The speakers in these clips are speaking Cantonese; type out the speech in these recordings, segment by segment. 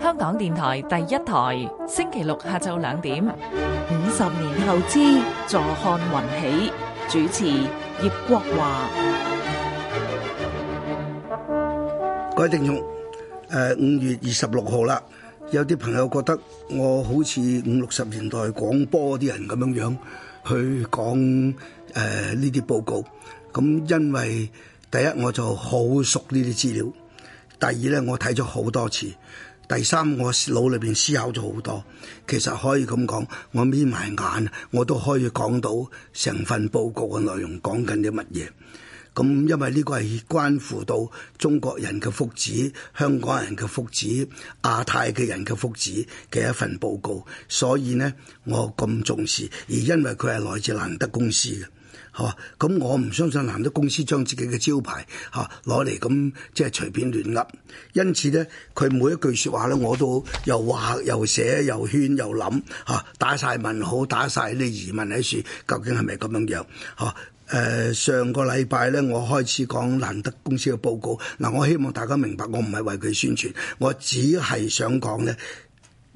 香港電台第一台，星期六下晝兩點。五十年投資，坐看雲起。主持葉國華。各位定雄。誒，五月二十六號啦，有啲朋友覺得我好似五六十年代廣播啲人咁樣樣去講誒呢啲報告，咁因為。第一我就好熟呢啲資料，第二咧我睇咗好多次，第三我腦裏邊思考咗好多，其實可以咁講，我眯埋眼我都可以講到成份報告嘅內容講緊啲乜嘢。咁因為呢個係關乎到中國人嘅福祉、香港人嘅福祉、亞太嘅人嘅福祉嘅一份報告，所以呢，我咁重視，而因為佢係來自蘭德公司嘅。嚇，咁、嗯、我唔相信蘭德公司將自己嘅招牌嚇攞嚟咁即係隨便亂笠。因此咧，佢每一句説話咧，我都又話又寫又圈又諗嚇、啊，打晒問號，打晒啲疑問喺處，究竟係咪咁樣樣嚇？誒、啊呃，上個禮拜咧，我開始講蘭德公司嘅報告。嗱、啊，我希望大家明白，我唔係為佢宣傳，我只係想講咧。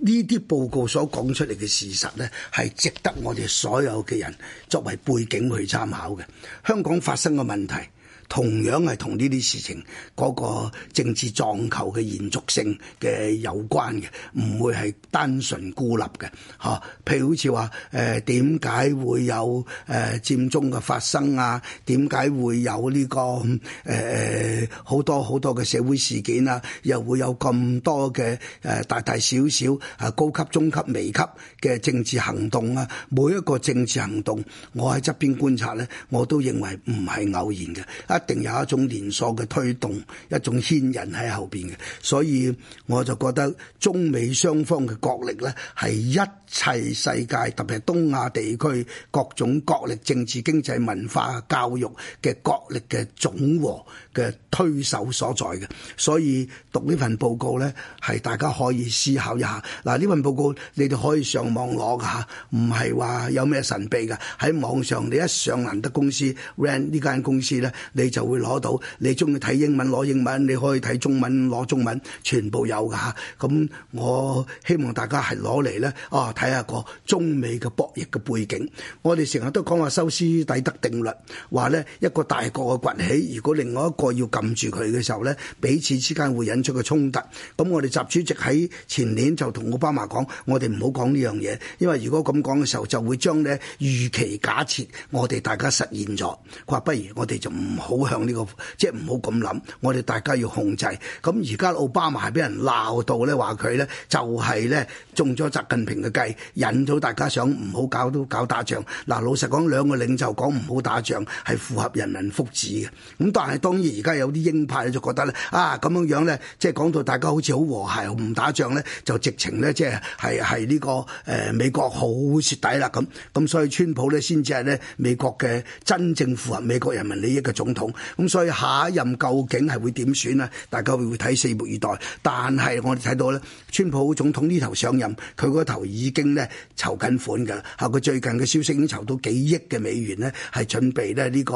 呢啲報告所講出嚟嘅事實呢，係值得我哋所有嘅人作為背景去參考嘅。香港發生嘅問題，同樣係同呢啲事情嗰個政治撞球嘅延續性嘅有關嘅，唔會係單純孤立嘅。嚇，譬如好似話誒，點解會有誒佔中嘅發生啊？點解會有呢個誒誒好多好多嘅社會事件啊？又會有咁多嘅誒大大少少啊，高級、中級、微級嘅政治行動啊！每一個政治行動，我喺側邊觀察咧，我都認為唔係偶然嘅。一定有一種連鎖嘅推動，一種牽引喺後邊嘅，所以我就覺得中美雙方嘅角力咧，係一。齊世界特別係東亞地區，各種國力、政治、經濟、文化、教育嘅國力嘅總和嘅推手所在嘅，所以讀呢份報告咧，係大家可以思考一下。嗱，呢份報告你哋可以上網攞嘅嚇，唔係話有咩神秘嘅喺網上。你一上蘭德公司 RAND 呢間公司咧，你就會攞到。你中意睇英文攞英文，你可以睇中文攞中文，全部有嘅嚇。咁我希望大家係攞嚟咧，啊。睇下個中美嘅博弈嘅背景，我哋成日都講話修斯底德定律，話咧一個大國嘅崛起，如果另外一個要撳住佢嘅時候咧，彼此之間會引出個衝突。咁我哋習主席喺前年就同奧巴馬講，我哋唔好講呢樣嘢，因為如果咁講嘅時候，就會將咧預期假設我哋大家實現咗。佢話不如我哋就唔好向呢個，即係唔好咁諗，我哋大家要控制。咁而家奧巴馬係俾人鬧到咧，話佢咧就係咧中咗習近平嘅計。引到大家想唔好搞都搞打仗嗱，老實講，兩個領袖講唔好打仗係符合人民福祉嘅。咁但係當然而家有啲鷹派就覺得咧，啊咁樣樣咧，即係講到大家好似好和諧，唔打仗咧，就直情咧，即係係係呢個誒、呃、美國好蝕底啦咁。咁所以川普咧先至係咧美國嘅真正符合美國人民利益嘅總統。咁所以下一任究竟係會點選啊？大家會睇拭目以待。但係我哋睇到咧，川普總統呢頭上任，佢嗰頭已經。咧籌緊款嘅，嚇、啊、佢最近嘅消息已經籌到幾億嘅美元咧，係準備咧、這、呢個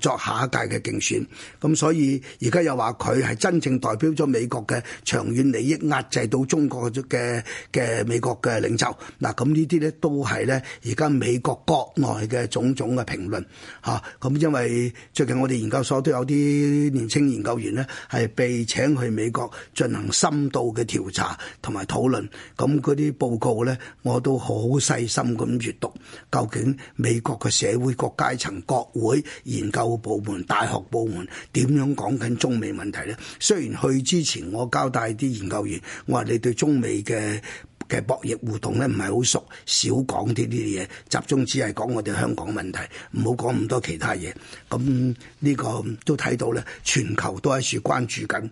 作下一屆嘅競選。咁所以而家又話佢係真正代表咗美國嘅長遠利益，壓制到中國嘅嘅美國嘅領袖。嗱、啊，咁呢啲咧都係咧而家美國國內嘅種種嘅評論。嚇、啊，咁因為最近我哋研究所都有啲年青研究員呢，係被請去美國進行深度嘅調查同埋討論。咁嗰啲報告咧。我都好細心咁閲讀，究竟美國嘅社會各階層、國會、研究部門、大學部門點樣講緊中美問題呢？雖然去之前我交代啲研究員，我話你對中美嘅嘅博弈互動咧唔係好熟，少講啲呢啲嘢，集中只係講我哋香港問題，唔好講咁多其他嘢。咁呢個都睇到咧，全球都喺處關注緊。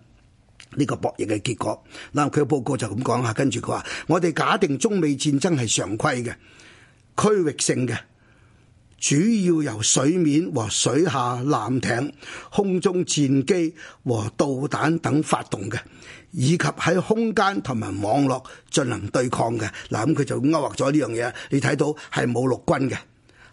呢個博弈嘅結果，嗱佢嘅報告就咁講啊，跟住佢話，我哋假定中美戰爭係常規嘅區域性嘅，主要由水面和水下艦艇、空中戰機和導彈等發動嘅，以及喺空間同埋網絡進行對抗嘅。嗱咁佢就勾畫咗呢樣嘢，你睇到係冇陸軍嘅。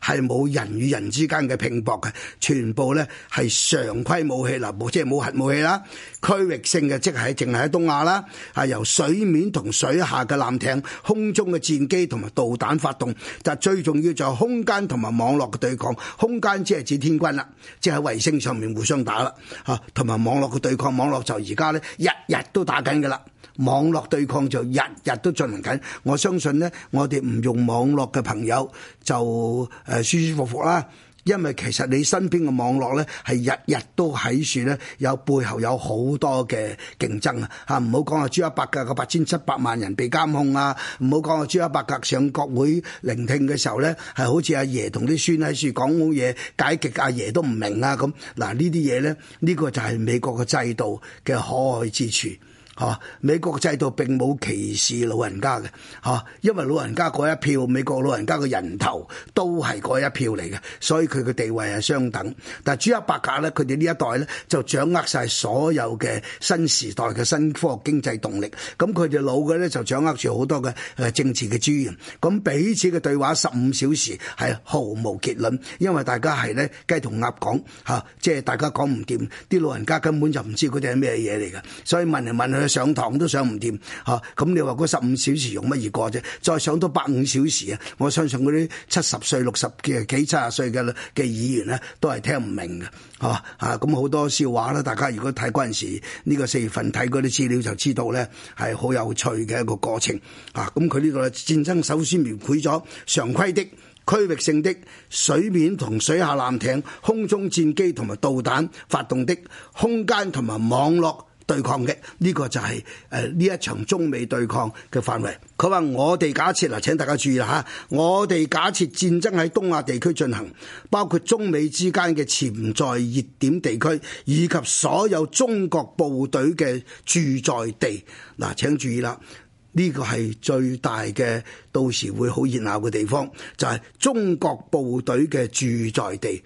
係冇人與人之間嘅拼搏嘅，全部咧係常規武器啦，冇即係冇核武器啦。區域性嘅即係淨係喺東亞啦，係、啊、由水面同水下嘅艦艇、空中嘅戰機同埋導彈發動。就最重要就係空間同埋網絡嘅對抗。空間即係指天軍啦，即係喺衛星上面互相打啦，嚇同埋網絡嘅對抗。網絡就而家咧日日都打緊㗎啦。網絡對抗就日日都進行緊，我相信咧，我哋唔用網絡嘅朋友就誒舒舒服服啦。因為其實你身邊嘅網絡咧，係日日都喺處咧，有背後有好多嘅競爭啊！嚇唔好講啊，朱、啊、一博格，八千七百萬人被監控啊！唔好講啊，朱一博格上國會聆聽嘅時候咧，係好似阿、啊、爺同啲孫喺處講好嘢，解極阿、啊、爺都唔明啊！咁嗱、啊、呢啲嘢咧，呢、呢個就係美國嘅制度嘅可愛之處。嚇、啊！美國制度並冇歧視老人家嘅，嚇、啊！因為老人家嗰一票，美國老人家嘅人頭都係嗰一票嚟嘅，所以佢嘅地位係相等。但係朱克伯格咧，佢哋呢一代咧就掌握晒所有嘅新時代嘅新科學經濟動力，咁佢哋老嘅咧就掌握住好多嘅誒政治嘅資源。咁、啊、彼此嘅對話十五小時係毫無結論，因為大家係咧雞同鴨講嚇、啊，即係大家講唔掂，啲老人家根本就唔知佢哋係咩嘢嚟嘅，所以問嚟問去。上堂都上唔掂嚇，咁你話嗰十五小時用乜嘢過啫？再上到八五小時啊！我相信嗰啲七十歲、六十幾幾七十歲嘅嘅議員咧，都係聽唔明嘅嚇嚇。咁好多笑話啦！大家如果睇嗰陣時呢個四月份睇嗰啲資料就知道咧，係好有趣嘅一個過程啊！咁佢呢個戰爭首先描繪咗常規的區域性的水面同水下艦艇、空中戰機同埋導彈發動的空間同埋網絡。對抗嘅呢個就係誒呢一場中美對抗嘅範圍。佢話我哋假設嗱、呃，請大家注意啦嚇，我哋假設戰爭喺東亞地區進行，包括中美之間嘅潛在熱點地區，以及所有中國部隊嘅駐在地嗱、呃。請注意啦，呢個係最大嘅，到時會好熱鬧嘅地方，就係中國部隊嘅駐在地。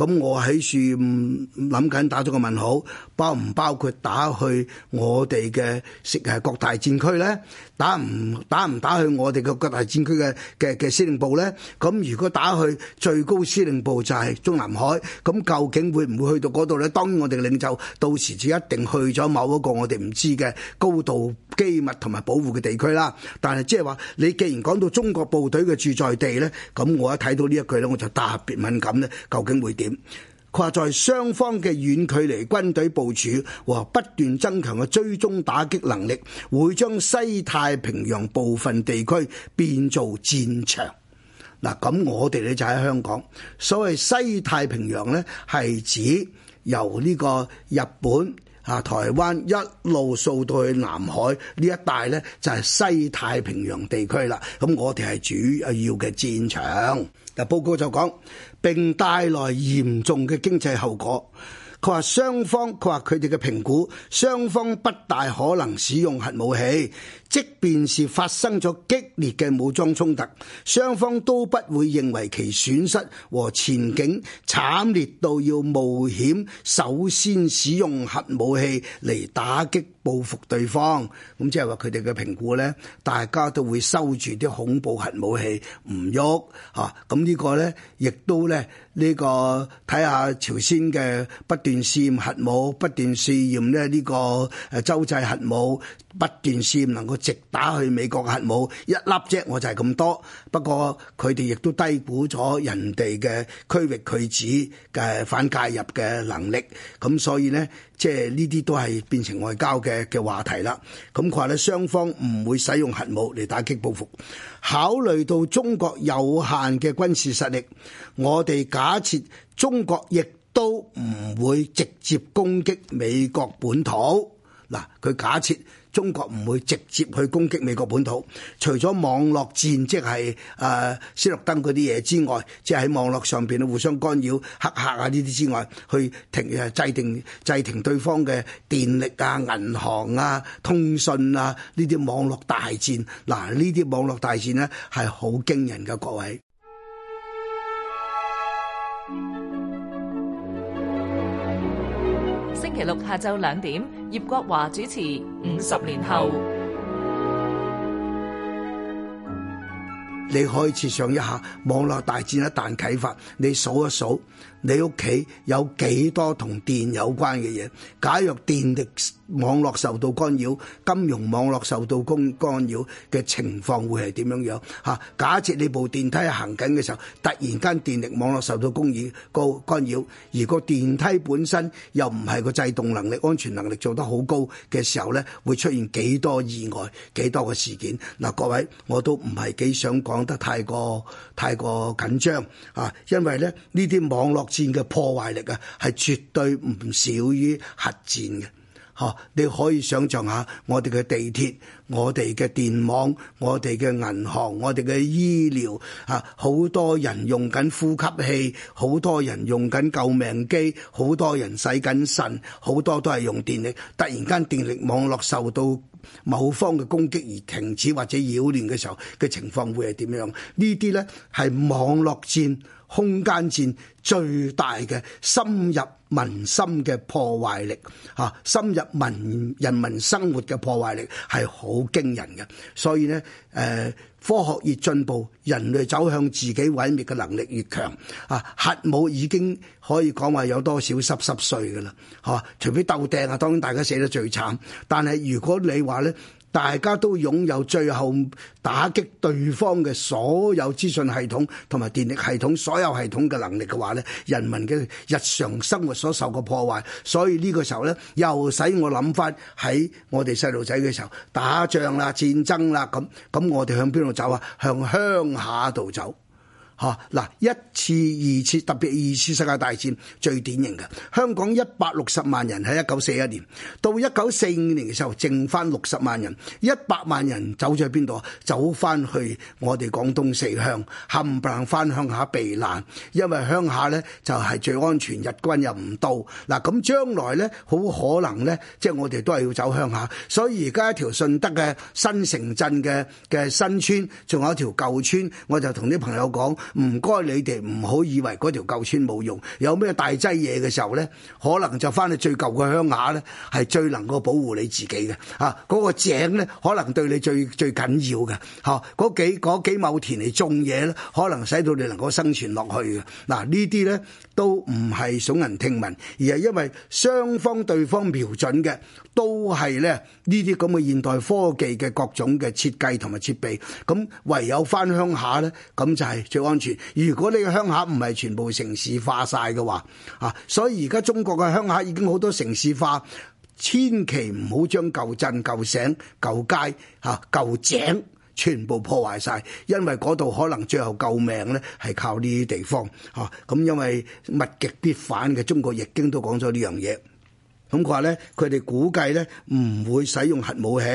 咁我喺處諗緊打咗個問號，包唔包括打去我哋嘅食誒各大戰區咧？打唔打唔打去我哋嘅各大戰區嘅嘅嘅司令部咧？咁如果打去最高司令部就係中南海，咁究竟會唔會去到度咧？當然我哋嘅領袖到時至一定去咗某一個我哋唔知嘅高度機密同埋保護嘅地區啦。但係即係話你既然講到中國部隊嘅駐在地咧，咁我一睇到呢一句咧，我就特別敏感咧，究竟會點？跨在雙方嘅遠距離軍隊部署和不斷增強嘅追蹤打擊能力，會將西太平洋部分地區變做戰場。嗱，咁我哋咧就喺香港。所謂西太平洋呢，係指由呢個日本。啊！台灣一路掃到去南海呢一帶咧，就係西太平洋地區啦。咁我哋係主要嘅戰場。嗱，報告就講並帶來嚴重嘅經濟後果。佢話雙方，佢話佢哋嘅評估，雙方不大可能使用核武器，即便是發生咗激烈嘅武裝衝突，雙方都不會認為其損失和前景慘烈到要冒險首先使用核武器嚟打擊報復對方。咁即係話佢哋嘅評估呢，大家都會收住啲恐怖核武器唔喐嚇，咁呢、啊這個呢，亦都呢。呢個睇下朝鮮嘅不斷試驗核武，不斷試驗咧呢個誒洲際核武。不斷試能夠直打去美國核武，一粒啫，我就係咁多。不過佢哋亦都低估咗人哋嘅區域拒止嘅反介入嘅能力。咁所以呢，即係呢啲都係變成外交嘅嘅話題啦。咁佢話咧，雙方唔會使用核武嚟打擊報復。考慮到中國有限嘅軍事實力，我哋假設中國亦都唔會直接攻擊美國本土。嗱，佢假設中國唔會直接去攻擊美國本土，除咗網絡戰即係誒、啊、斯諾登嗰啲嘢之外，即係喺網絡上邊互相干擾、黑客啊呢啲之外，去停誒制定制停對方嘅電力啊、銀行啊、通訊啊呢啲網絡大戰，嗱呢啲網絡大戰呢係好驚人嘅，各位。星期六下晝兩點，葉國華主持《五十年後》。你可以設想一下，網絡大戰一旦啟發，你數一數。你屋企有幾多同電有關嘅嘢？假若電力網絡受到干擾，金融網絡受到干干擾嘅情況會係點樣樣？吓，假設你部電梯行緊嘅時候，突然間電力網絡受到干擾、干干擾，而個電梯本身又唔係個制動能力、安全能力做得好高嘅時候咧，會出現幾多意外、幾多個事件？嗱，各位我都唔係幾想講得太過太過緊張啊，因為咧呢啲網絡。戰嘅破壞力啊，係絕對唔少於核戰嘅。吓，你可以想象下我，我哋嘅地鐵、我哋嘅電網、我哋嘅銀行、我哋嘅醫療，吓，好多人用緊呼吸器，好多人用緊救命機，好多人使緊腎，好多都係用電力。突然間電力網絡受到某方嘅攻擊而停止或者擾亂嘅時候嘅情況會係點樣？呢啲呢，係網絡戰。空間戰最大嘅深入民心嘅破壞力，嚇，深入民人民生活嘅破壞力係好驚人嘅。所以咧，誒、呃、科學越進步，人類走向自己毀滅嘅能力越強。啊，核武已經可以講話有多少濕濕碎㗎喇，嚇、啊！除非鬥掟啊，當然大家死得最慘。但係如果你話咧，大家都擁有最後打擊對方嘅所有資訊系統同埋電力系統所有系統嘅能力嘅話呢，人民嘅日常生活所受嘅破壞。所以呢個時候呢，又使我諗翻喺我哋細路仔嘅時候，打仗啦、戰爭啦咁，咁我哋向邊度走啊？向鄉下度走。嚇，嗱一次、二次，特別二次世界大戰最典型嘅，香港一百六十萬人，喺一九四一年到一九四五年嘅時候剩翻六十萬人，一百萬人走咗去邊度啊？走翻去我哋廣東四鄉冚唪唥翻鄉下避難，因為鄉下呢就係、是、最安全，日軍又唔到嗱。咁將來呢，好可能呢，即、就、係、是、我哋都係要走鄉下，所以而家一條順德嘅新城鎮嘅嘅新村仲有一條舊村，我就同啲朋友講。唔該，你哋唔好以為嗰條舊村冇用，有咩大劑嘢嘅時候咧，可能就翻去最舊嘅鄉下咧，係最能夠保護你自己嘅。嚇、啊，嗰、嗰個井咧，可能對你最最緊要嘅。嚇、啊，嗰幾嗰幾畝田嚟種嘢咧，可能使到你能夠生存落去嘅。嗱、啊，呢啲咧。都唔係聳人聽聞，而係因為雙方對方瞄準嘅都係咧呢啲咁嘅現代科技嘅各種嘅設計同埋設備。咁唯有返鄉下呢，咁就係最安全。如果你嘅鄉下唔係全部城市化晒嘅話，啊，所以而家中國嘅鄉下已經好多城市化，千祈唔好將舊鎮、舊城、舊街、嚇、啊、舊井，全部破壞晒，因為嗰度可能最後救命咧係靠呢啲地方嚇，咁、啊、因為物極必反嘅，中國易經都講咗呢樣嘢，咁話咧佢哋估計呢唔會使用核武器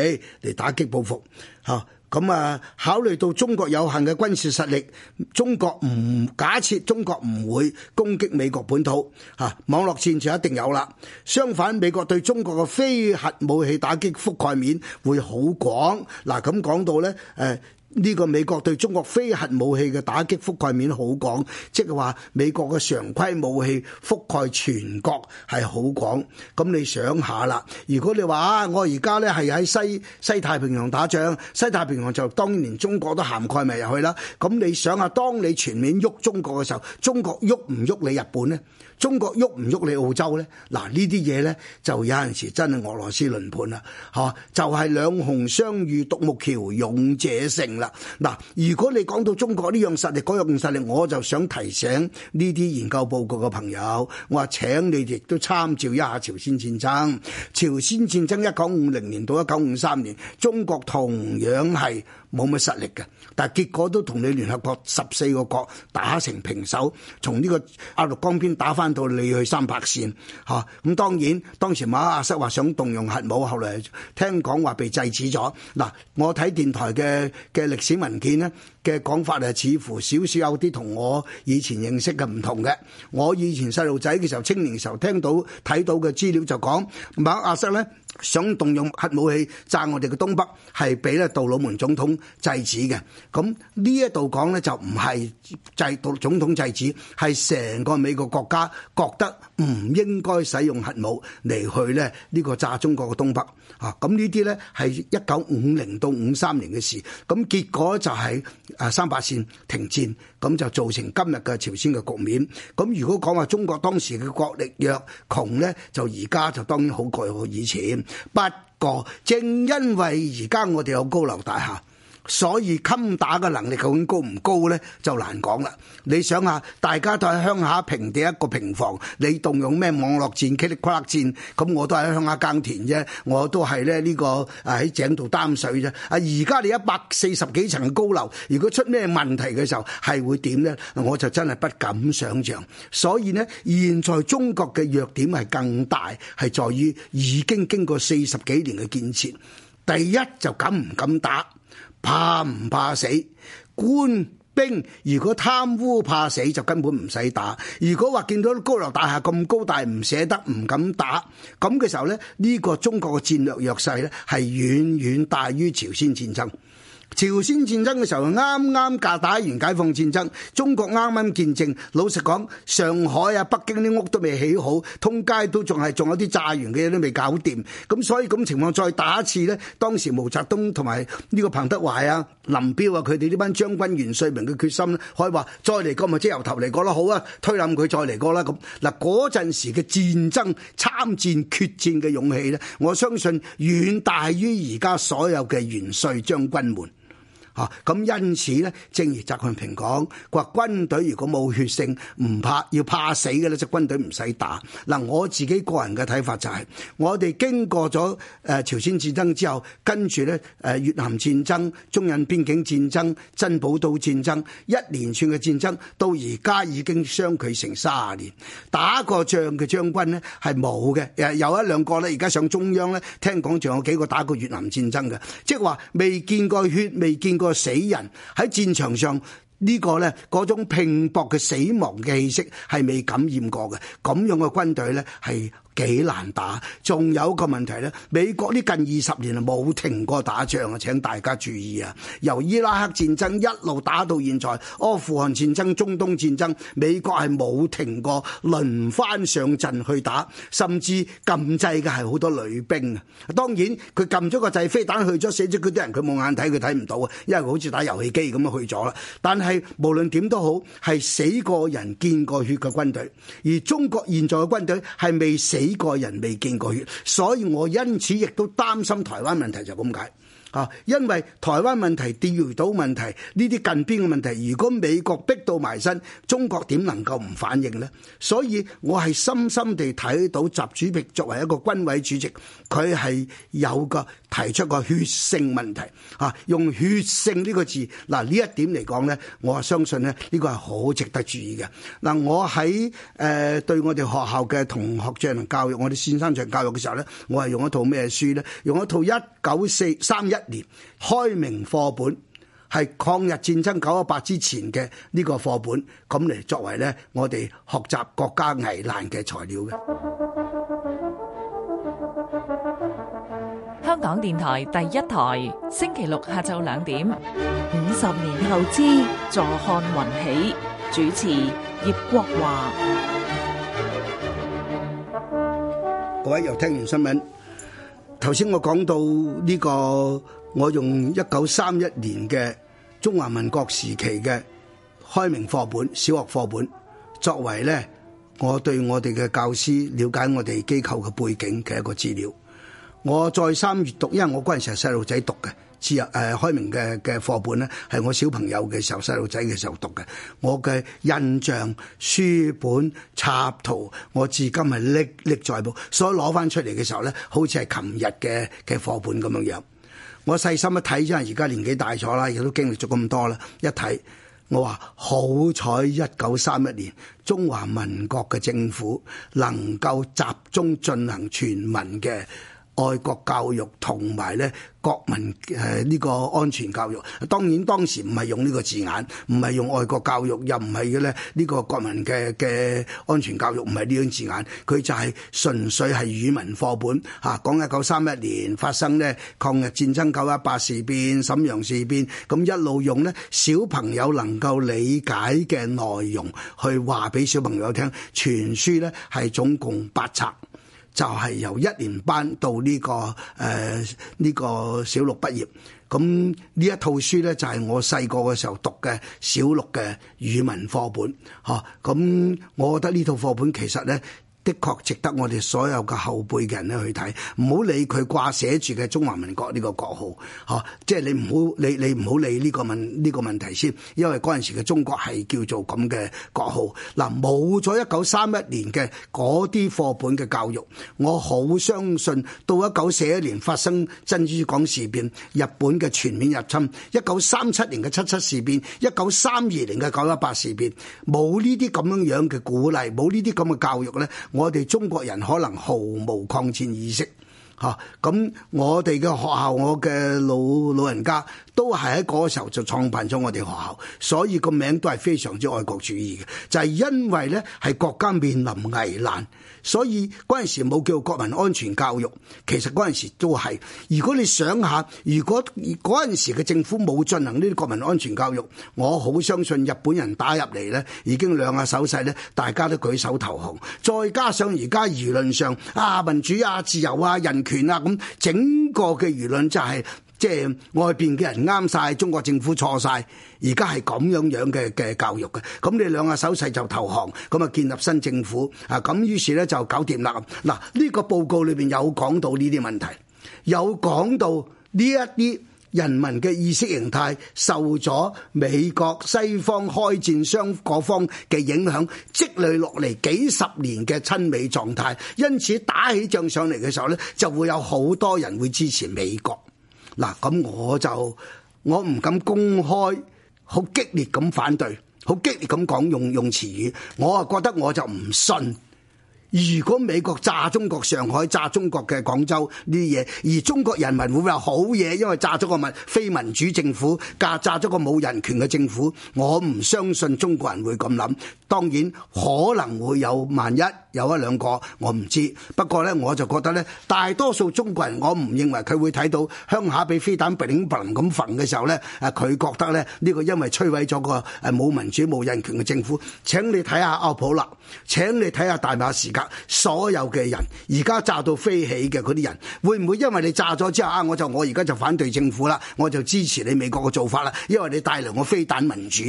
嚟打擊報復嚇。啊咁啊，考慮到中國有限嘅軍事實力，中國唔假設中國唔會攻擊美國本土，嚇網絡戰就一定有啦。相反，美國對中國嘅非核武器打擊覆蓋面會好廣。嗱，咁講到呢，誒。呢個美國對中國非核武器嘅打擊覆蓋面好廣，即係話美國嘅常規武器覆蓋全國係好廣，咁你想下啦，如果你話啊，我而家咧係喺西西太平洋打仗，西太平洋就當然中國都涵蓋埋入去啦。咁你想下，當你全面喐中國嘅時候，中國喐唔喐你日本咧？中國喐唔喐你澳洲咧？嗱呢啲嘢咧就有陣時真係俄羅斯輪盤啦，吓、啊，就係、是、兩雄相遇獨木橋勇者勝啦。嗱，如果你講到中國呢樣實力嗰樣實力，我就想提醒呢啲研究報告嘅朋友，我話請你亦都參照一下朝鮮戰爭。朝鮮戰爭一九五零年到一九五三年，中國同樣係冇乜實力嘅，但係結果都同你聯合國十四個國打成平手，從呢個鴨綠江邊打翻到你去三八線，吓、啊、咁、嗯。當然當時麥阿瑟話想動用核武，後來聽講話被制止咗。嗱、啊，我睇電台嘅嘅。歷史文件呢嘅講法啊，似乎少少有啲同我以前認識嘅唔同嘅。我以前細路仔嘅時候、青年時候，聽到睇到嘅資料就講，麥阿瑟咧。想動用核武器炸我哋嘅東北，係俾咧杜魯門總統制止嘅。咁呢一度講咧就唔係制度總統制止，係成個美國國家覺得唔應該使用核武嚟去咧呢個炸中國嘅東北。啊，咁呢啲咧係一九五零到五三年嘅事。咁結果就係啊三八線停戰，咁就造成今日嘅朝鮮嘅局面。咁如果講話中國當時嘅國力弱窮咧，就而家就當然好過以前。不過正因為而家我哋有高樓大廈。所以襟打嘅能力究竟高唔高咧，就難講啦。你想下，大家都喺鄉下平地一個平房，你動用咩網絡戰、噼里啪啦戰，咁我都係喺鄉下耕田啫，我都係咧呢個喺井度擔水啫。啊，而家你一百四十幾層嘅高樓，如果出咩問題嘅時候，係會點咧？我就真係不敢想象。所以咧，現在中國嘅弱點係更大，係在於已經經過四十幾年嘅建設，第一就敢唔敢打。怕唔怕死？官兵如果貪污怕死就根本唔使打；如果話見到高樓大廈咁高大唔捨得唔敢打，咁嘅時候咧，呢個中國嘅戰略弱勢咧，係遠遠大於朝鮮戰爭。朝鮮戰爭嘅時候，啱啱架打完解放戰爭，中國啱啱建政。老實講，上海啊、北京啲屋都未起好，通街都仲係仲有啲炸完嘅嘢都未搞掂。咁所以咁情況再打一次呢，當時毛澤東同埋呢個彭德懷啊、林彪啊，佢哋呢班將軍元帥們嘅決心，可以話再嚟過咪即、就是、由頭嚟過咯，好啊，推冧佢再嚟過啦。咁嗱，嗰陣時嘅戰爭參戰決戰嘅勇氣呢，我相信遠大於而家所有嘅元帥將軍們。嚇，咁因此咧，正如習近平講，佢話軍隊如果冇血性，唔怕，要怕死嘅咧，就軍隊唔使打。嗱，我自己個人嘅睇法就係，我哋經過咗誒朝鮮戰爭之後，跟住咧誒越南戰爭、中印邊境戰爭、珍寶島戰爭，一連串嘅戰爭，到而家已經相距成卅年，打過仗嘅將軍咧係冇嘅，誒有一兩個咧，而家上中央咧，聽講仲有幾個打過越南戰爭嘅，即係話未見過血，未見過。個死人喺戰場上，這個，呢個咧，嗰種拼搏嘅死亡嘅氣息係未感染過嘅，咁樣嘅軍隊咧，係，幾難打，仲有一個問題呢，美國呢近二十年啊冇停過打仗啊！請大家注意啊，由伊拉克戰爭一路打到現在，阿富汗戰爭、中東戰爭，美國係冇停過，輪番上陣去打，甚至撳掣嘅係好多女兵啊。當然佢撳咗個掣飛彈去咗，死咗嗰啲人佢冇眼睇，佢睇唔到啊，因為佢好似打遊戲機咁啊去咗啦。但係無論點都好，係死過人、見過血嘅軍隊，而中國現在嘅軍隊係未死。幾個人未見過血，所以我因此亦都擔心台灣問題就咁解啊！因為台灣問題、釣魚島問題、呢啲近邊嘅問題，如果美國逼到埋身，中國點能夠唔反應呢？所以我係深深地睇到習主席作為一個軍委主席，佢係有個。提出個血性問題嚇、啊，用血性呢個字嗱呢、啊、一點嚟講咧，我係相信咧呢、這個係好值得注意嘅。嗱、啊，我喺誒、呃、對我哋學校嘅同學進行教育，我哋先生進行教育嘅時候咧，我係用一套咩書咧？用一套一九四三一年開明課本，係抗日戰爭九一八之前嘅呢個課本，咁嚟作為咧我哋學習國家危難嘅材料嘅。香港電台第一台，星期六下晝兩點。五十年後之坐漢雲起。主持葉國華。各位又聽完新聞，頭先我講到呢、這個，我用一九三一年嘅中華民國時期嘅開明課本、小學課本，作為咧我對我哋嘅教師了解我哋機構嘅背景嘅一個資料。我再三閲讀，因為我嗰陣時係細路仔讀嘅，自日誒開明嘅嘅課本咧，係我小朋友嘅時候，細路仔嘅時候讀嘅。我嘅印象書本插圖，我至今係歷歷在目。所以攞翻出嚟嘅時候咧，好似係琴日嘅嘅課本咁樣樣。我細心一睇，因為而家年紀大咗啦，亦都經歷咗咁多啦，一睇我話好彩一九三一年中華民國嘅政府能夠集中進行全民嘅愛國教育同埋咧國民誒呢個安全教育，當然當時唔係用呢個字眼，唔係用愛國教育，又唔係嘅咧呢個國民嘅嘅安全教育，唔係呢樣字眼，佢就係純粹係語文課本嚇，啊，講一九三一年發生咧抗日戰爭九一八事變、沈陽事變，咁一路用咧小朋友能夠理解嘅內容去話俾小朋友聽，全書呢係總共八冊。就係由一年班到呢、呢個誒呢、呃呢個小六畢業，咁呢一套書咧就係、係、我細個嘅時候讀嘅小六嘅語文課本，嚇，咁我覺得呢套課本其實咧，的確值得我哋所有嘅後輩嘅人咧去睇，唔好理佢掛寫住嘅中華民國呢個國號，嗬，即係你唔好你你唔好理呢個問呢個問題先，因為嗰陣時嘅中國係叫做咁嘅國號。嗱，冇咗一九三一年嘅嗰啲課本嘅教育，我好相信到一九四一年發生珍珠港事變、日本嘅全面入侵、一九三七年嘅七七事變、一九三二年嘅九一八事變，冇呢啲咁樣樣嘅鼓勵，冇呢啲咁嘅教育呢。我哋中國人可能毫無抗戰意識，嚇咁我哋嘅學校，我嘅老老人家都係喺嗰時候就創辦咗我哋學校，所以個名都係非常之愛國主義嘅，就係因為呢，係國家面臨危難。所以嗰陣時冇叫做國民安全教育，其實嗰陣時都係。如果你想下，如果嗰陣時嘅政府冇進行呢啲國民安全教育，我好相信日本人打入嚟呢，已經兩下手勢咧，大家都舉手投降。再加上而家輿論上啊民主啊自由啊人權啊咁，整個嘅輿論就係、是。即係外邊嘅人啱晒，中國政府錯晒，而家係咁樣樣嘅嘅教育嘅，咁你兩個手勢就投降，咁啊建立新政府啊，咁於是咧就搞掂啦。嗱，呢個報告裏邊有講到呢啲問題，有講到呢一啲人民嘅意識形態受咗美國西方開戰雙方嘅影響，積累落嚟幾十年嘅親美狀態，因此打起仗上嚟嘅時候咧，就會有好多人會支持美國。嗱，咁我就我唔敢公開，好激烈咁反對，好激烈咁講用用詞語，我啊覺得我就唔信。如果美國炸中國上海、炸中國嘅廣州呢啲嘢，而中國人民會唔會話好嘢？因為炸咗個民非民主政府，加炸咗個冇人權嘅政府，我唔相信中國人會咁諗。當然可能會有萬一有一兩個我唔知。不過咧，我就覺得咧，大多數中國人我唔認為佢會睇到鄉下被飛彈 bling bling 咁焚嘅時候咧，誒佢覺得咧呢、呢個，因為摧毀咗個誒冇民主冇人權嘅政府。請你睇下奧普勒，請你睇下大馬時間。所有嘅人而家炸到飛起嘅嗰啲人，會唔會因為你炸咗之後啊，我就我而家就反對政府啦，我就支持你美國嘅做法啦？因為你帶來我飛彈民主，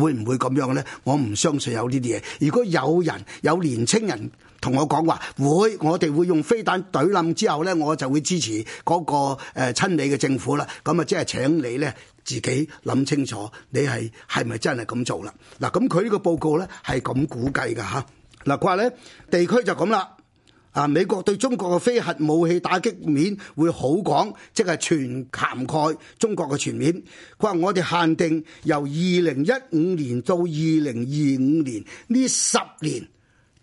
會唔會咁樣呢？我唔相信有呢啲嘢。如果有人有年青人同我講話會，我哋會用飛彈懟冧之後呢，我就會支持嗰、那個誒、呃、親美嘅政府啦。咁啊，即係請你呢，自己諗清楚你，你係係咪真係咁做啦？嗱，咁佢呢個報告呢，係咁估計噶吓。嗱，佢話咧，地區就咁啦。啊，美國對中國嘅非核武器打擊面會好廣，即係全涵蓋中國嘅全面。佢話我哋限定由二零一五年到二零二五年呢十年，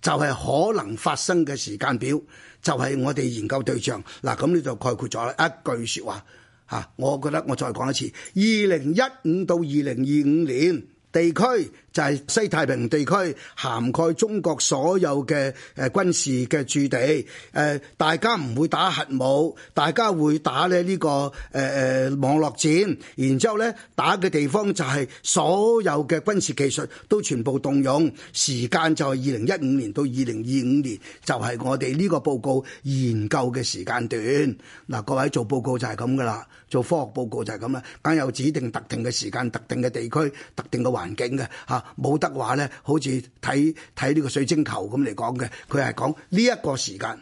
就係可能發生嘅時間表，就係、是、我哋研究對象。嗱、啊，咁你就概括咗啦。一句說話吓、啊，我覺得我再講一次，二零一五到二零二五年地區。就係西太平地區涵蓋中國所有嘅誒軍事嘅駐地，誒、呃、大家唔會打核武，大家會打咧、這、呢個誒誒、呃、網絡戰，然之後咧打嘅地方就係所有嘅軍事技術都全部動用，時間就係二零一五年到二零二五年，就係、是、我哋呢個報告研究嘅時間段。嗱、呃，各位做報告就係咁㗎喇，做科學報告就係咁啦，梗有指定特定嘅時間、特定嘅地區、特定嘅環境嘅嚇。啊冇得話咧，好似睇睇呢個水晶球咁嚟講嘅，佢係講呢一個時間，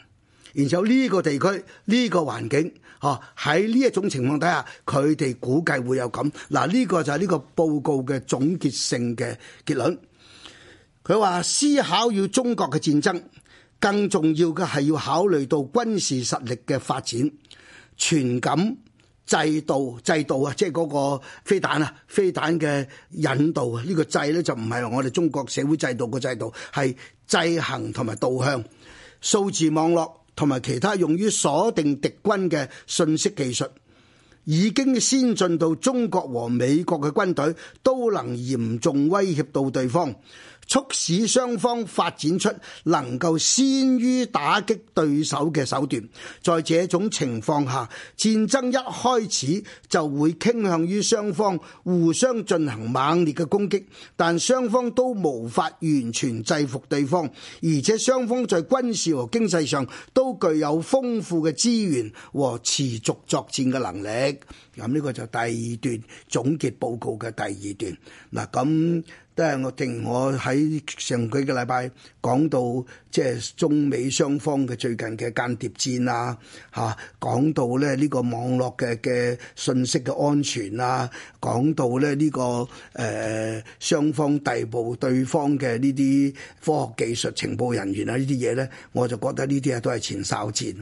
然之後呢個地區、呢、呢個環境，嚇，喺呢一種情況底下，佢哋估計會有咁。嗱，呢個就係呢個報告嘅總結性嘅結論。佢話思考要中國嘅戰爭，更重要嘅係要考慮到軍事實力嘅發展、全感。.制度制度啊，即係嗰個飛彈啊，飛彈嘅引導啊，呢、這個制咧就唔係我哋中國社會制度個制度，係制衡同埋導向數字網絡同埋其他用於鎖定敵軍嘅信息技術已經先進到中國和美國嘅軍隊都能嚴重威脅到對方。促使雙方發展出能夠先於打擊對手嘅手段，在這種情況下，戰爭一開始就會傾向於雙方互相進行猛烈嘅攻擊，但雙方都無法完全制服對方，而且雙方在軍事和經濟上都具有豐富嘅資源和持續作戰嘅能力。咁呢個就第二段總結報告嘅第二段。嗱咁。都係我定，我喺上幾個禮拜。講到即係中美雙方嘅最近嘅間諜戰啊，吓講到咧呢個網絡嘅嘅信息嘅安全啊，講到咧、這、呢個誒雙、呃、方逮捕對方嘅呢啲科學技術情報人員啊呢啲嘢咧，我就覺得呢啲啊都係前哨戰，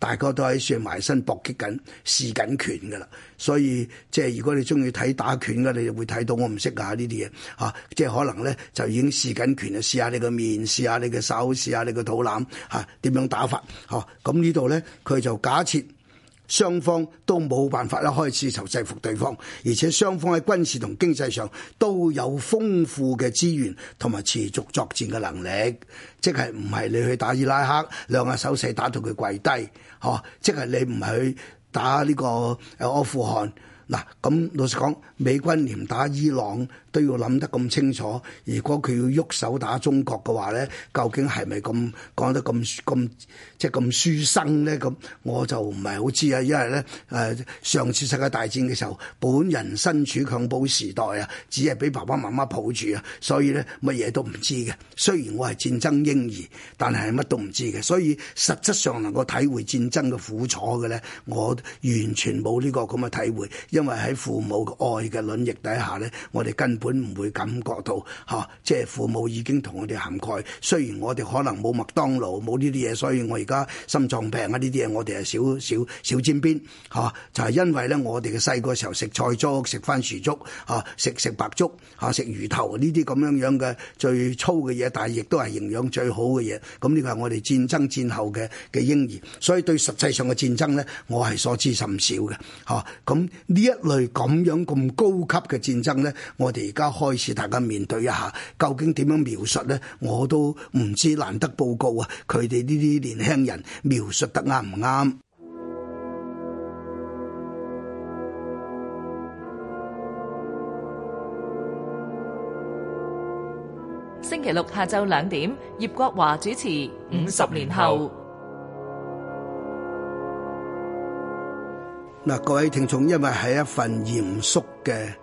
大家都喺算埋身搏擊緊試緊拳㗎啦。所以即係如果你中意睇打拳嘅，你就會睇到我唔識下呢啲嘢吓，即係可能咧就已經試緊拳啊，試下你個面試。啊！你嘅手勢啊，你嘅肚腩吓，點、啊、樣打法？嗬、啊！咁呢度咧，佢就假設雙方都冇辦法一開始就制服對方，而且雙方喺軍事同經濟上都有豐富嘅資源同埋持續作戰嘅能力，即係唔係你去打伊拉克兩下手勢打到佢跪低？嗬、啊！即係你唔係去打呢個阿富汗嗱？咁、啊、老實講，美軍連打伊朗，都要諗得咁清楚，如果佢要喐手打中國嘅話咧，究竟係咪咁講得咁咁即係咁書生咧？咁我就唔係好知啊，因為咧誒、呃、上次世界大戰嘅時候，本人身處襁褓時代啊，只係俾爸爸媽媽抱住啊，所以咧乜嘢都唔知嘅。雖然我係戰爭嬰兒，但係乜都唔知嘅，所以實質上能夠體會戰爭嘅苦楚嘅咧，我完全冇呢、這個咁嘅體會，因為喺父母嘅愛嘅卵翼底下咧，我哋跟。本唔會感覺到，吓、啊，即、就、係、是、父母已經同我哋涵蓋。雖然我哋可能冇麥當勞冇呢啲嘢，所以我而家心臟病啊、就是、呢啲嘢，我哋係少少少沾邊，吓，就係因為咧，我哋嘅細個時候食菜粥、食番薯粥、吓、啊，食食白粥、吓、啊，食魚頭呢啲咁樣樣嘅最粗嘅嘢，但係亦都係營養最好嘅嘢。咁呢個係我哋戰爭戰後嘅嘅嬰兒，所以對實際上嘅戰爭咧，我係所知甚少嘅，吓、啊。咁呢一類咁樣咁高級嘅戰爭咧，我哋。而家開始，大家面對一下，究竟點樣描述呢？我都唔知，馬蘭德報告啊！佢哋呢啲年輕人描述得啱唔啱？星期六下晝兩點，葉國華主持《五十年後》。嗱，各位聽眾，因為係一份嚴肅嘅。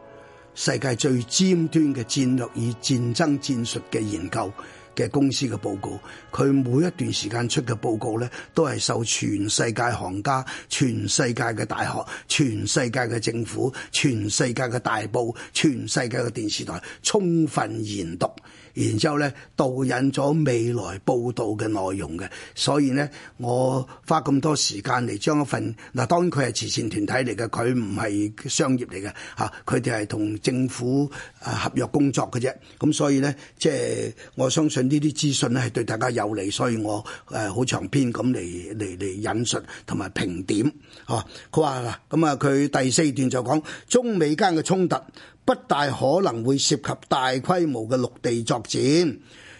世界最尖端嘅戰略與戰爭戰術嘅研究嘅公司嘅報告，佢每一段時間出嘅報告呢，都係受全世界行家、全世界嘅大學、全世界嘅政府、全世界嘅大報、全世界嘅電視台充分研讀。然之後咧，導引咗未來報導嘅內容嘅，所以咧，我花咁多時間嚟將一份嗱，當然佢係慈善團體嚟嘅，佢唔係商業嚟嘅，嚇，佢哋係同政府啊合約工作嘅啫。咁所以咧，即係我相信呢啲資訊咧係對大家有利，所以我誒好長篇咁嚟嚟嚟引述同埋評點。嚇，佢話喇，咁啊，佢第四段就講中美間嘅衝突。不大可能會涉及大規模嘅陸地作戰。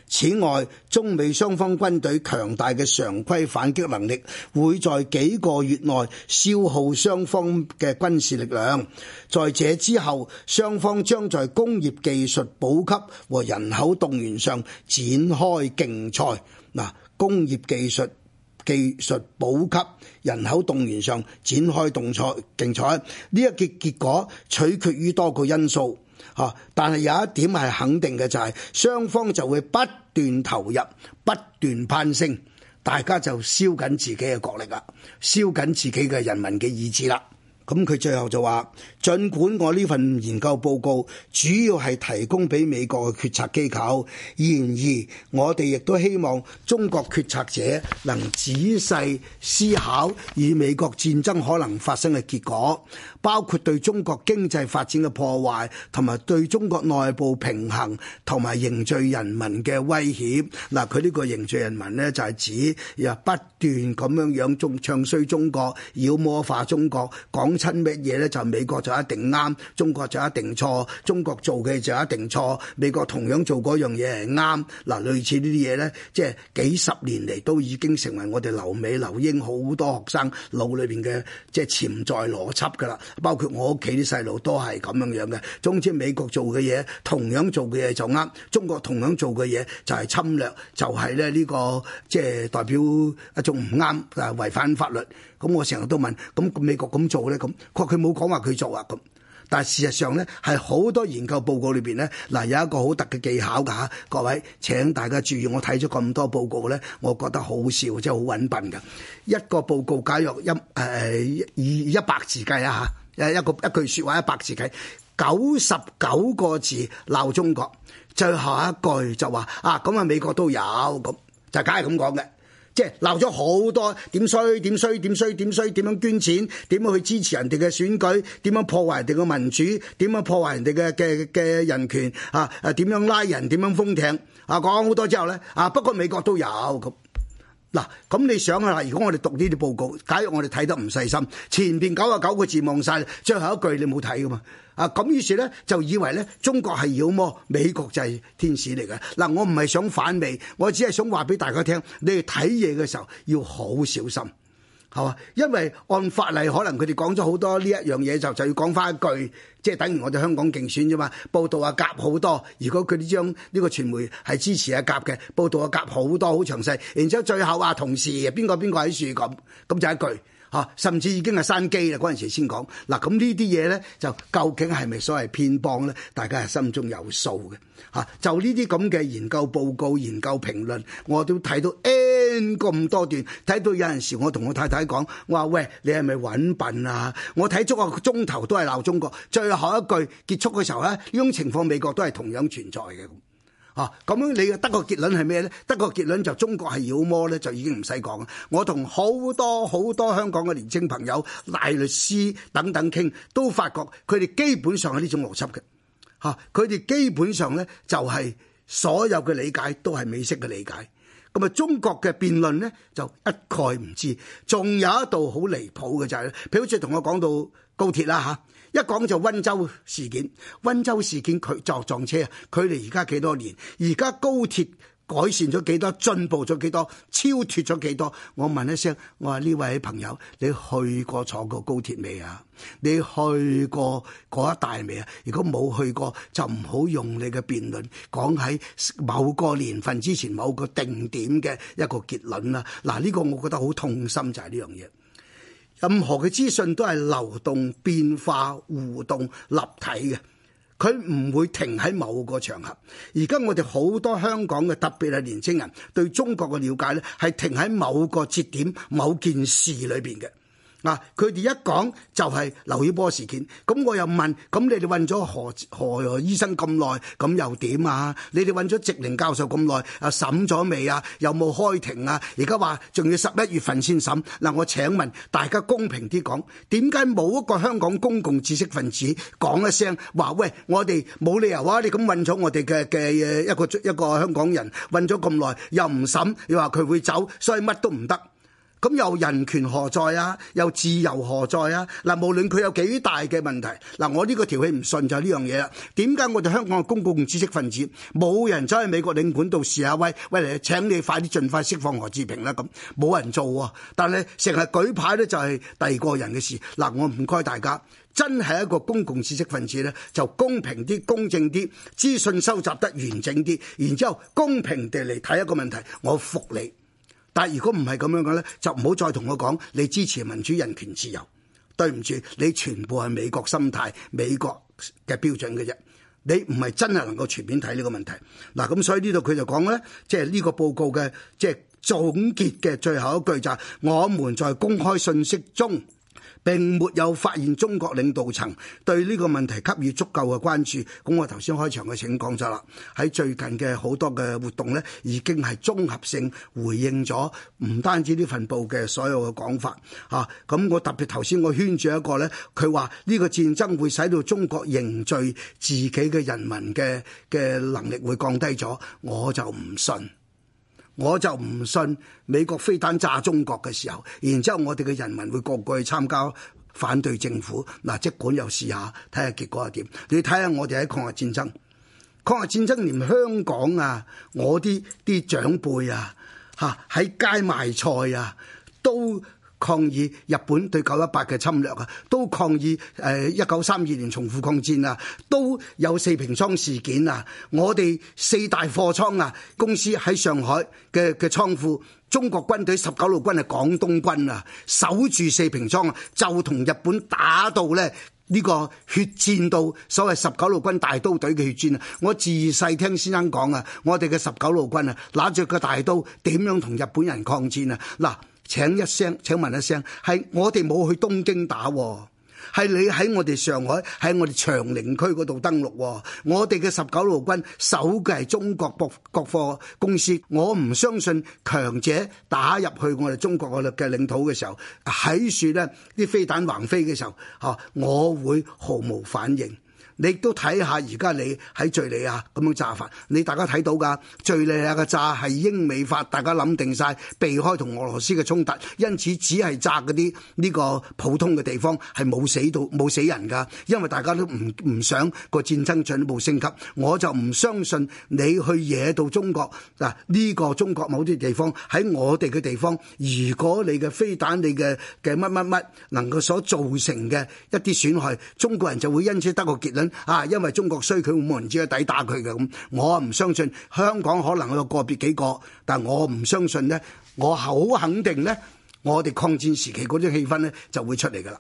此外，中美雙方軍隊強大嘅常規反擊能力，會在幾個月內消耗雙方嘅軍事力量。在這之後，雙方將在工業技術補給和人口動員上展開競賽。嗱，工業技術。技術補給、人口動員上展開動作競賽，呢一個結果取決於多個因素嚇、啊，但係有一點係肯定嘅就係、是、雙方就會不斷投入、不斷攀升，大家就燒緊自己嘅國力啦，燒緊自己嘅人民嘅意志啦。咁佢最後就話：儘管我呢份研究報告主要係提供俾美國嘅決策機構，然而我哋亦都希望中國決策者能仔細思考與美國戰爭可能發生嘅結果。包括對中國經濟發展嘅破壞，同埋對中國內部平衡同埋凝聚人民嘅威脅。嗱，佢呢個凝聚人民呢，就係指又不斷咁樣樣中唱衰中國、妖魔化中國、講親乜嘢呢？就美國就一定啱，中國就一定錯，中國做嘅就一定錯，美國同樣做嗰樣嘢係啱。嗱，類似呢啲嘢呢，即係幾十年嚟都已經成為我哋留美留英好多學生腦裏邊嘅即係潛在邏輯㗎啦。包括我屋企啲細路都係咁樣樣嘅，總之美國做嘅嘢，同樣做嘅嘢就啱，中國同樣做嘅嘢就係侵略，就係咧呢個即係、就是、代表一種唔啱啊，但違反法律。咁我成日都問，咁美國咁做咧，咁佢話佢冇講話佢做啊咁。但係事實上咧，係好多研究報告裏邊咧，嗱、啊、有一個好特嘅技巧㗎嚇、啊，各位請大家注意，我睇咗咁多報告咧，我覺得好笑，真係好揾笨㗎。一個報告假若一誒以、呃、一百字計啊嚇。誒一個一句説話一百字計，九十九個字鬧中國，最後一句就話啊咁啊美國都有咁，就梗係咁講嘅。即係鬧咗好多點衰點衰點衰點衰，點樣捐錢，點樣去支持人哋嘅選舉，點樣破壞人哋嘅民主，點樣破壞人哋嘅嘅嘅人權啊，誒點樣拉人，點樣封艇啊，講好多之後咧啊，不過美國都有咁。嗱，咁你想下，如果我哋讀呢啲報告，假如我哋睇得唔細心，前邊九十九個字望晒，最後一句你冇睇噶嘛？啊，咁於是咧就以為咧中國係妖魔，美國就係天使嚟嘅。嗱，啊，我唔係想反美，我只係想話俾大家聽，你哋睇嘢嘅時候要好小心。係、哦、因為按法例，可能佢哋講咗好多呢一樣嘢，就就要講翻一句，即係等於我哋香港競選啫嘛。報導啊，夾好多。如果佢呢張呢個傳媒係支持啊夾嘅報導啊夾好多好詳細，然之後最後啊，同時邊個邊個喺樹咁，咁就一句。啊，甚至已經係山機啦！嗰陣時先講嗱，咁呢啲嘢呢，就究竟係咪所謂偏幫呢？大家係心中有數嘅嚇、啊。就呢啲咁嘅研究報告、研究評論，我都睇到 N 咁多段，睇到有陣時我同我太太講，我話喂，你係咪揾笨啊？我睇足個鐘頭都係鬧中國，最後一句結束嘅時候呢，呢、啊、種情況美國都係同樣存在嘅。啊，咁樣你嘅得個結論係咩咧？得個結論就中國係妖魔咧，就已經唔使講。我同好多好多香港嘅年青朋友、大律師等等傾，都發覺佢哋基本上係呢種邏輯嘅。嚇、啊，佢哋基本上咧就係、是、所有嘅理解都係美式嘅理解。咁、嗯、啊，中國嘅辯論咧就一概唔知。仲有一度好離譜嘅就係、是，譬如好似同我講到高鐵啦嚇。啊。一講就温州事件，温州事件佢就撞車啊！佢哋而家幾多年？而家高鐵改善咗幾多？進步咗幾多？超脱咗幾多？我問一聲，我話呢位朋友，你去過坐過高鐵未啊？你去過嗰一帶未啊？如果冇去過，就唔好用你嘅辯論講喺某個年份之前、某個定點嘅一個結論啦。嗱，呢個我覺得好痛心就係呢樣嘢。任何嘅資訊都係流動、變化、互動、立體嘅，佢唔會停喺某個場合。而家我哋好多香港嘅，特別係年青人，對中國嘅了解咧，係停喺某個節點、某件事裏邊嘅。嗱，佢哋一講就係劉曉波事件，咁我又問，咁你哋揾咗何何醫生咁耐，咁又點啊？你哋揾咗植寧教授咁耐，啊審咗未啊？有冇開庭啊？而家話仲要十一月份先審，嗱，我請問大家公平啲講，點解冇一個香港公共知識分子講一聲話？喂，我哋冇理由話你咁揾咗我哋嘅嘅一個一個香港人揾咗咁耐，又唔審，你話佢會走，所以乜都唔得。咁又人權何在啊？又自由何在啊？嗱，無論佢有幾大嘅問題，嗱、啊，我呢個條氣唔順就係呢樣嘢啦。點解我哋香港嘅公共知識分子冇人走去美國領館度示下威？喂嚟，請你快啲盡快釋放何志平啦！咁、啊、冇人做喎、啊，但係成日舉牌咧就係第二個人嘅事。嗱、啊，我唔該大家，真係一個公共知識分子咧，就公平啲、公正啲、資訊收集得完整啲，然之後公平地嚟睇一個問題，我服你。但如果唔係咁樣嘅咧，就唔好再同我講你支持民主、人權、自由。對唔住，你全部係美國心態、美國嘅標準嘅啫。你唔係真係能夠全面睇呢個問題。嗱，咁所以呢度佢就講咧，即係呢個報告嘅即係總結嘅最後一句就係、是、我們在公開信息中。並沒有發現中國領導層對呢個問題給予足夠嘅關注。咁我頭先開場嘅請講咗啦，喺最近嘅好多嘅活動呢，已經係綜合性回應咗，唔單止呢份報嘅所有嘅講法啊。咁我特別頭先我圈住一個呢，佢話呢個戰爭會使到中國凝聚自己嘅人民嘅嘅能力會降低咗，我就唔信。我就唔信美國飛彈炸中國嘅時候，然之後我哋嘅人民會個個去參加反對政府。嗱，即管又試下，睇下結果係點。你睇下我哋喺抗日戰爭，抗日戰爭連香港啊，我啲啲長輩啊，吓喺街賣菜啊，都。抗議日本對九一八嘅侵略啊，都抗議誒一九三二年淞滬抗戰啊，都有四平倉事件啊。我哋四大貨倉啊公司喺上海嘅嘅倉庫，中國軍隊十九路軍係廣東軍啊，守住四平倉啊，就同日本打到咧呢個血戰到所謂十九路軍大刀隊嘅血戰啊。我自細聽先生講啊，我哋嘅十九路軍啊，攞著個大刀點樣同日本人抗戰啊嗱。請一聲，請問一聲，係我哋冇去東京打，係你喺我哋上海喺我哋長寧區嗰度登陸。我哋嘅十九路軍守嘅係中國國國貨公司。我唔相信強者打入去我哋中國嘅領土嘅時候，喺樹呢啲飛彈橫飛嘅時候，嚇，我會毫無反應。你都睇下而家你喺敘利亞咁樣炸法，你大家睇到噶敘利亞嘅炸係英美法，大家諗定晒避開同俄羅斯嘅衝突，因此只係炸啲呢個普通嘅地方，係冇死到冇死人噶，因為大家都唔唔想個戰爭進一步升級，我就唔相信你去惹到中國嗱，呢個中國某啲地方喺我哋嘅地方，如果你嘅飛彈你嘅嘅乜乜乜能夠所造成嘅一啲損害，中國人就會因此得個結論。啊！因為中國衰，佢會冇人知去抵打佢嘅咁，我唔相信香港可能有個別幾個，但我唔相信咧，我好肯定咧，我哋抗戰時期嗰啲氣氛咧就會出嚟噶啦。